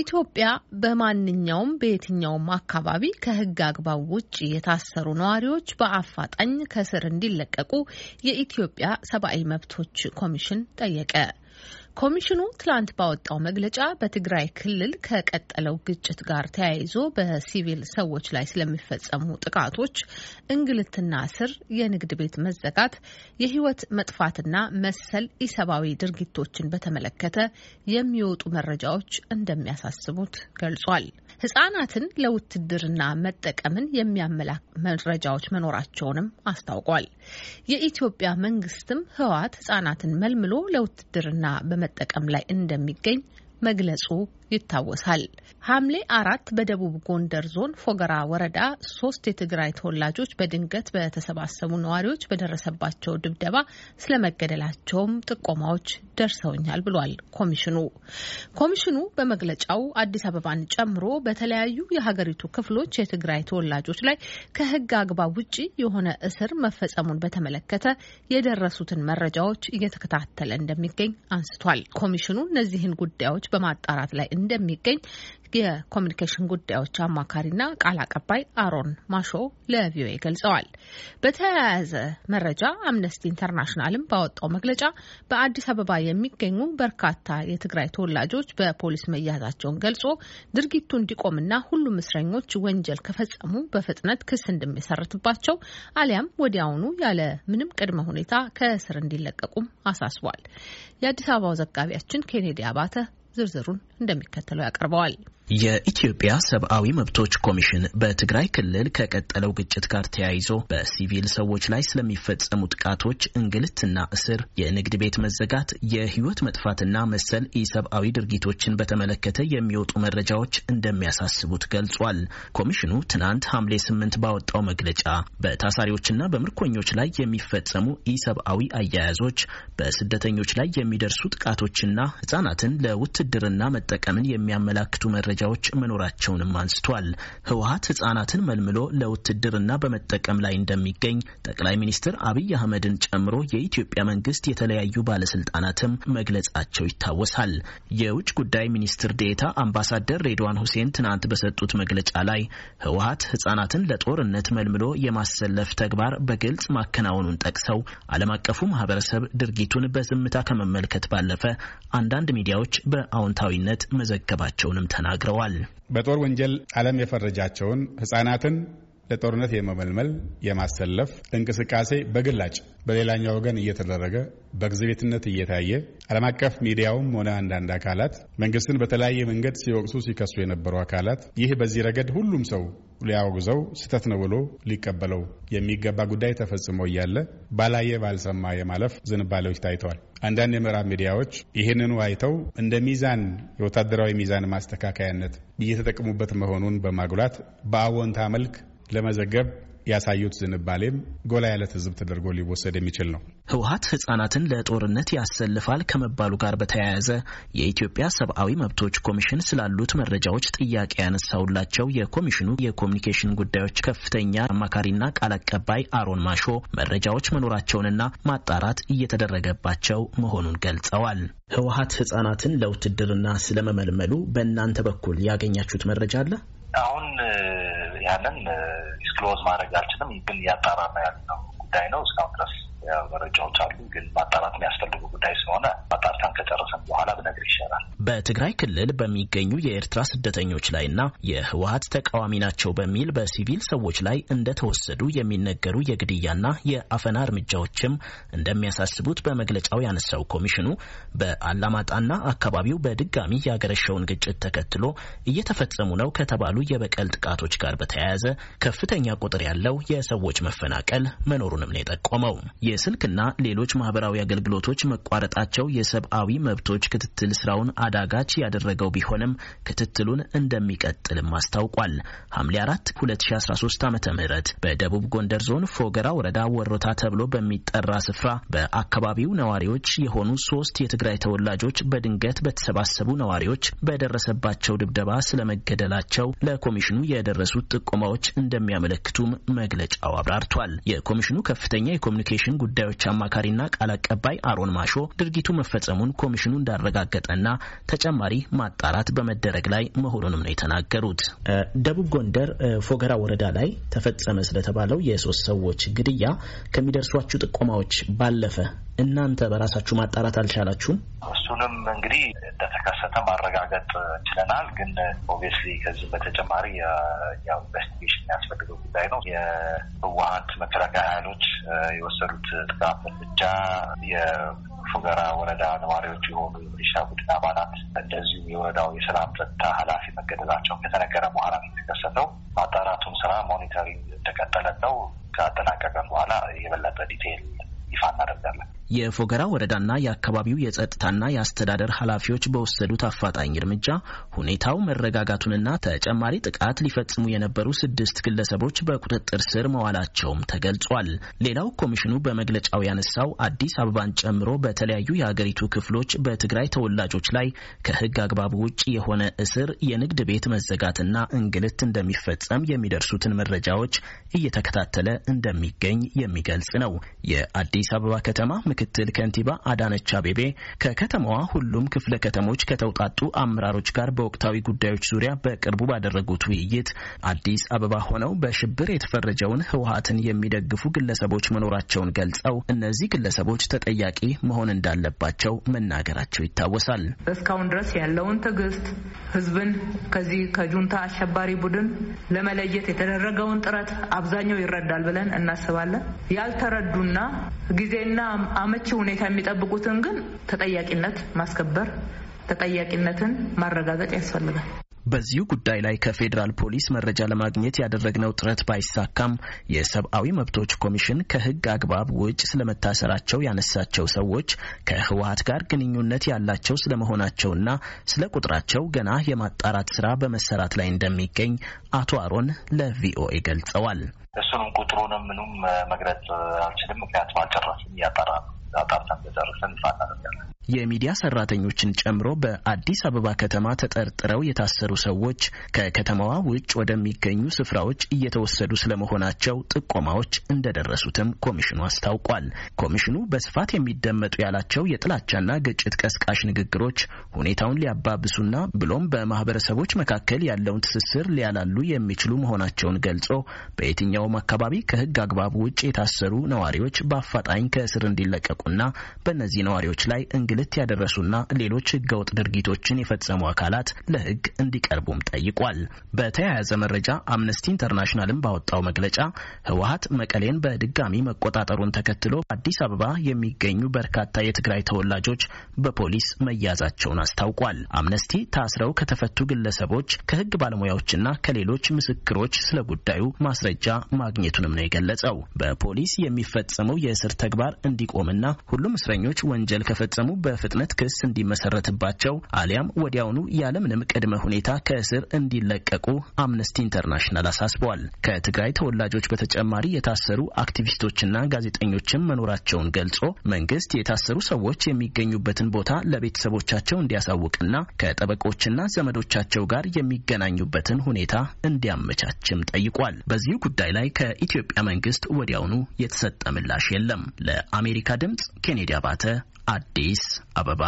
ኢትዮጵያ በማንኛውም በየትኛውም አካባቢ ከሕግ አግባብ ውጭ የታሰሩ ነዋሪዎች በአፋጣኝ ከስር እንዲለቀቁ የኢትዮጵያ ሰብአዊ መብቶች ኮሚሽን ጠየቀ። ኮሚሽኑ ትላንት ባወጣው መግለጫ በትግራይ ክልል ከቀጠለው ግጭት ጋር ተያይዞ በሲቪል ሰዎች ላይ ስለሚፈጸሙ ጥቃቶች፣ እንግልትና ስር፣ የንግድ ቤት መዘጋት፣ የህይወት መጥፋትና መሰል ኢሰብአዊ ድርጊቶችን በተመለከተ የሚወጡ መረጃዎች እንደሚያሳስቡት ገልጿል። ህጻናትን ለውትድርና መጠቀምን የሚያመላክ መረጃዎች መኖራቸውንም አስታውቋል። የኢትዮጵያ መንግስትም ህወሓት ህጻናትን መልምሎ ለውትድርና በመጠቀም ላይ እንደሚገኝ መግለጹ ይታወሳል። ሐምሌ አራት በደቡብ ጎንደር ዞን ፎገራ ወረዳ ሶስት የትግራይ ተወላጆች በድንገት በተሰባሰቡ ነዋሪዎች በደረሰባቸው ድብደባ ስለመገደላቸውም ጥቆማዎች ደርሰውኛል ብሏል ኮሚሽኑ። ኮሚሽኑ በመግለጫው አዲስ አበባን ጨምሮ በተለያዩ የሀገሪቱ ክፍሎች የትግራይ ተወላጆች ላይ ከሕግ አግባብ ውጪ የሆነ እስር መፈጸሙን በተመለከተ የደረሱትን መረጃዎች እየተከታተለ እንደሚገኝ አንስቷል። ኮሚሽኑ እነዚህን ጉዳዮች በማጣራት ላይ እንደሚገኝ የኮሚኒኬሽን ጉዳዮች አማካሪና ቃል አቀባይ አሮን ማሾ ለቪኦኤ ገልጸዋል። በተያያዘ መረጃ አምነስቲ ኢንተርናሽናልም ባወጣው መግለጫ በአዲስ አበባ የሚገኙ በርካታ የትግራይ ተወላጆች በፖሊስ መያዛቸውን ገልጾ ድርጊቱ እንዲቆምና ሁሉም እስረኞች ወንጀል ከፈጸሙ በፍጥነት ክስ እንደሚሰርትባቸው አሊያም ወዲያውኑ ያለ ምንም ቅድመ ሁኔታ ከእስር እንዲለቀቁም አሳስቧል። የአዲስ አበባው ዘጋቢያችን ኬኔዲ አባተ ዝርዝሩን እንደሚከተለው ያቀርበዋል። የኢትዮጵያ ሰብአዊ መብቶች ኮሚሽን በትግራይ ክልል ከቀጠለው ግጭት ጋር ተያይዞ በሲቪል ሰዎች ላይ ስለሚፈጸሙ ጥቃቶች፣ እንግልትና እስር፣ የንግድ ቤት መዘጋት፣ የህይወት መጥፋትና መሰል ኢሰብአዊ ድርጊቶችን በተመለከተ የሚወጡ መረጃዎች እንደሚያሳስቡት ገልጿል። ኮሚሽኑ ትናንት ሐምሌ ስምንት ባወጣው መግለጫ በታሳሪዎችና በምርኮኞች ላይ የሚፈጸሙ ኢሰብአዊ አያያዞች፣ በስደተኞች ላይ የሚደርሱ ጥቃቶችና ህጻናትን ለውትድርና መ መጠቀምን የሚያመላክቱ መረጃዎች መኖራቸውንም አንስቷል። ህወሀት ህጻናትን መልምሎ ለውትድርና በመጠቀም ላይ እንደሚገኝ ጠቅላይ ሚኒስትር አብይ አህመድን ጨምሮ የኢትዮጵያ መንግስት የተለያዩ ባለስልጣናትም መግለጻቸው ይታወሳል። የውጭ ጉዳይ ሚኒስትር ዴታ አምባሳደር ሬድዋን ሁሴን ትናንት በሰጡት መግለጫ ላይ ህወሀት ህጻናትን ለጦርነት መልምሎ የማሰለፍ ተግባር በግልጽ ማከናወኑን ጠቅሰው ዓለም አቀፉ ማህበረሰብ ድርጊቱን በዝምታ ከመመልከት ባለፈ አንዳንድ ሚዲያዎች በአዎንታዊነት መዘገባቸውንም ተናግረዋል። በጦር ወንጀል ዓለም የፈረጃቸውን ህጻናትን ለጦርነት የመመልመል የማሰለፍ እንቅስቃሴ በግላጭ በሌላኛው ወገን እየተደረገ በግዝቤትነት እየታየ ዓለም አቀፍ ሚዲያውም ሆነ አንዳንድ አካላት መንግስትን በተለያየ መንገድ ሲወቅሱ ሲከሱ የነበሩ አካላት ይህ በዚህ ረገድ ሁሉም ሰው ሊያወግዘው ስህተት ነው ብሎ ሊቀበለው የሚገባ ጉዳይ ተፈጽሞ እያለ ባላየ ባልሰማ የማለፍ ዝንባሌዎች ታይተዋል። አንዳንድ የምዕራብ ሚዲያዎች ይህንኑ አይተው እንደ ሚዛን የወታደራዊ ሚዛን ማስተካከያነት እየተጠቀሙበት መሆኑን በማጉላት በአዎንታ መልክ ለመዘገብ ያሳዩት ዝንባሌም ጎላ ያለ ትዝብ ተደርጎ ሊወሰድ የሚችል ነው። ህወሀት ህጻናትን ለጦርነት ያሰልፋል ከመባሉ ጋር በተያያዘ የኢትዮጵያ ሰብአዊ መብቶች ኮሚሽን ስላሉት መረጃዎች ጥያቄ ያነሳውላቸው የኮሚሽኑ የኮሚኒኬሽን ጉዳዮች ከፍተኛ አማካሪና ቃል አቀባይ አሮን ማሾ መረጃዎች መኖራቸውንና ማጣራት እየተደረገባቸው መሆኑን ገልጸዋል። ህወሀት ህጻናትን ለውትድርና ስለመመልመሉ በእናንተ በኩል ያገኛችሁት መረጃ አለ? አሁን ያንን ዲስክሎዝ ማድረግ አልችልም፣ ግን እያጣራ ነው ያለው ጉዳይ ነው እስካሁን ድረስ መረጃዎች አሉ፣ ግን ማጣራት የሚያስፈልጉ ጉዳይ ስለሆነ ማጣርታን ከጨረሰን በኋላ ብነግር ይሻላል። በትግራይ ክልል በሚገኙ የኤርትራ ስደተኞች ላይ ላይና የህወሀት ተቃዋሚ ናቸው በሚል በሲቪል ሰዎች ላይ እንደተወሰዱ የሚነገሩ የግድያና የአፈና እርምጃዎችም እንደሚያሳስቡት በመግለጫው ያነሳው ኮሚሽኑ በአላማጣና አካባቢው በድጋሚ ያገረሸውን ግጭት ተከትሎ እየተፈጸሙ ነው ከተባሉ የበቀል ጥቃቶች ጋር በተያያዘ ከፍተኛ ቁጥር ያለው የሰዎች መፈናቀል መኖሩንም ነው የጠቆመው። የስልክና ሌሎች ማህበራዊ አገልግሎቶች መቋረጣቸው የሰብአዊ መብቶች ክትትል ስራውን አዳጋች ያደረገው ቢሆንም ክትትሉን እንደሚቀጥልም አስታውቋል። ሐምሌ 4 2013 ዓ ም በደቡብ ጎንደር ዞን ፎገራ ወረዳ ወሮታ ተብሎ በሚጠራ ስፍራ በአካባቢው ነዋሪዎች የሆኑ ሶስት የትግራይ ተወላጆች በድንገት በተሰባሰቡ ነዋሪዎች በደረሰባቸው ድብደባ ስለመገደላቸው ለኮሚሽኑ የደረሱት ጥቆማዎች እንደሚያመለክቱም መግለጫው አብራርቷል። የኮሚሽኑ ከፍተኛ የኮሚኒኬሽን ጉዳዮች አማካሪና ቃል አቀባይ አሮን ማሾ ድርጊቱ መፈጸሙን ኮሚሽኑ እንዳረጋገጠና ተጨማሪ ማጣራት በመደረግ ላይ መሆኑንም ነው የተናገሩት። ደቡብ ጎንደር ፎገራ ወረዳ ላይ ተፈጸመ ስለተባለው የሶስት ሰዎች ግድያ ከሚደርሷችሁ ጥቆማዎች ባለፈ እናንተ በራሳችሁ ማጣራት አልቻላችሁም? እሱንም እንግዲህ እንደተከሰተ ማረጋገጥ ችለናል። ግን ኦብቪየስሊ ከዚህ በተጨማሪ ያው ኢንቨስቲጌሽን የሚያስፈልገው ጉዳይ ነው። የህወሀት መከላከያ ኃይሎች የወሰዱት ጥቃት እርምጃ የፉገራ ወረዳ ነዋሪዎች የሆኑ የሚሊሻ ቡድን አባላት እንደዚሁም የወረዳው የሰላም ጸጥታ ኃላፊ መገደላቸውን ከተነገረ በኋላ የተከሰተው ማጣራቱን ስራ ሞኒተሪንግ እንደቀጠለ ነው። ከአጠናቀቀ በኋላ የበለጠ ዲቴይል ይፋ እናደርጋለን። የፎገራ ወረዳና የአካባቢው የጸጥታና የአስተዳደር ኃላፊዎች በወሰዱት አፋጣኝ እርምጃ ሁኔታው መረጋጋቱንና ተጨማሪ ጥቃት ሊፈጽሙ የነበሩ ስድስት ግለሰቦች በቁጥጥር ስር መዋላቸውም ተገልጿል። ሌላው ኮሚሽኑ በመግለጫው ያነሳው አዲስ አበባን ጨምሮ በተለያዩ የአገሪቱ ክፍሎች በትግራይ ተወላጆች ላይ ከህግ አግባብ ውጭ የሆነ እስር፣ የንግድ ቤት መዘጋትና እንግልት እንደሚፈጸም የሚደርሱትን መረጃዎች እየተከታተለ እንደሚገኝ የሚገልጽ ነው። የአዲስ አበባ ከተማ ምክትል ከንቲባ አዳነች አቤቤ ከከተማዋ ሁሉም ክፍለ ከተሞች ከተውጣጡ አመራሮች ጋር በወቅታዊ ጉዳዮች ዙሪያ በቅርቡ ባደረጉት ውይይት አዲስ አበባ ሆነው በሽብር የተፈረጀውን ህወሀትን የሚደግፉ ግለሰቦች መኖራቸውን ገልጸው እነዚህ ግለሰቦች ተጠያቂ መሆን እንዳለባቸው መናገራቸው ይታወሳል። እስካሁን ድረስ ያለውን ትዕግስት ህዝብን ከዚህ ከጁንታ አሸባሪ ቡድን ለመለየት የተደረገውን ጥረት አብዛኛው ይረዳል ብለን እናስባለን። ያልተረዱና ጊዜና አመቺ ሁኔታ የሚጠብቁትን ግን ተጠያቂነት ማስከበር ተጠያቂነትን ማረጋገጥ ያስፈልጋል። በዚሁ ጉዳይ ላይ ከፌዴራል ፖሊስ መረጃ ለማግኘት ያደረግነው ጥረት ባይሳካም የሰብአዊ መብቶች ኮሚሽን ከሕግ አግባብ ውጭ ስለመታሰራቸው ያነሳቸው ሰዎች ከህወሀት ጋር ግንኙነት ያላቸው ስለመሆናቸውና ስለ ቁጥራቸው ገና የማጣራት ስራ በመሰራት ላይ እንደሚገኝ አቶ አሮን ለቪኦኤ ገልጸዋል። እሱንም ቁጥሩንም ምኑም መግለጽ አልችልም፣ ምክንያቱም አልጨረስም፣ ነው። tatap sampai seharusnya የሚዲያ ሰራተኞችን ጨምሮ በአዲስ አበባ ከተማ ተጠርጥረው የታሰሩ ሰዎች ከከተማዋ ውጭ ወደሚገኙ ስፍራዎች እየተወሰዱ ስለመሆናቸው ጥቆማዎች እንደደረሱትም ኮሚሽኑ አስታውቋል። ኮሚሽኑ በስፋት የሚደመጡ ያላቸው የጥላቻና ግጭት ቀስቃሽ ንግግሮች ሁኔታውን ሊያባብሱና ብሎም በማህበረሰቦች መካከል ያለውን ትስስር ሊያላሉ የሚችሉ መሆናቸውን ገልጾ በየትኛውም አካባቢ ከህግ አግባብ ውጭ የታሰሩ ነዋሪዎች በአፋጣኝ ከእስር እንዲለቀቁና በእነዚህ ነዋሪዎች ላይ እንግል እንግልት ያደረሱና ሌሎች ህገወጥ ድርጊቶችን የፈጸሙ አካላት ለህግ እንዲቀርቡም ጠይቋል። በተያያዘ መረጃ አምነስቲ ኢንተርናሽናልም ባወጣው መግለጫ ህወሀት መቀሌን በድጋሚ መቆጣጠሩን ተከትሎ አዲስ አበባ የሚገኙ በርካታ የትግራይ ተወላጆች በፖሊስ መያዛቸውን አስታውቋል። አምነስቲ ታስረው ከተፈቱ ግለሰቦች፣ ከህግ ባለሙያዎችና ከሌሎች ምስክሮች ስለ ጉዳዩ ማስረጃ ማግኘቱንም ነው የገለጸው። በፖሊስ የሚፈጸመው የእስር ተግባር እንዲቆምና ሁሉም እስረኞች ወንጀል ከፈጸሙ በፍጥነት ክስ እንዲመሰረትባቸው አሊያም ወዲያውኑ ያለምንም ቅድመ ሁኔታ ከእስር እንዲለቀቁ አምነስቲ ኢንተርናሽናል አሳስበዋል። ከትግራይ ተወላጆች በተጨማሪ የታሰሩ አክቲቪስቶችና ጋዜጠኞችም መኖራቸውን ገልጾ መንግስት የታሰሩ ሰዎች የሚገኙበትን ቦታ ለቤተሰቦቻቸው እንዲያሳውቅና ከጠበቆችና ዘመዶቻቸው ጋር የሚገናኙበትን ሁኔታ እንዲያመቻችም ጠይቋል። በዚሁ ጉዳይ ላይ ከኢትዮጵያ መንግስት ወዲያውኑ የተሰጠ ምላሽ የለም። ለአሜሪካ ድምጽ ኬኔዲ አባተ አዲስ አበባ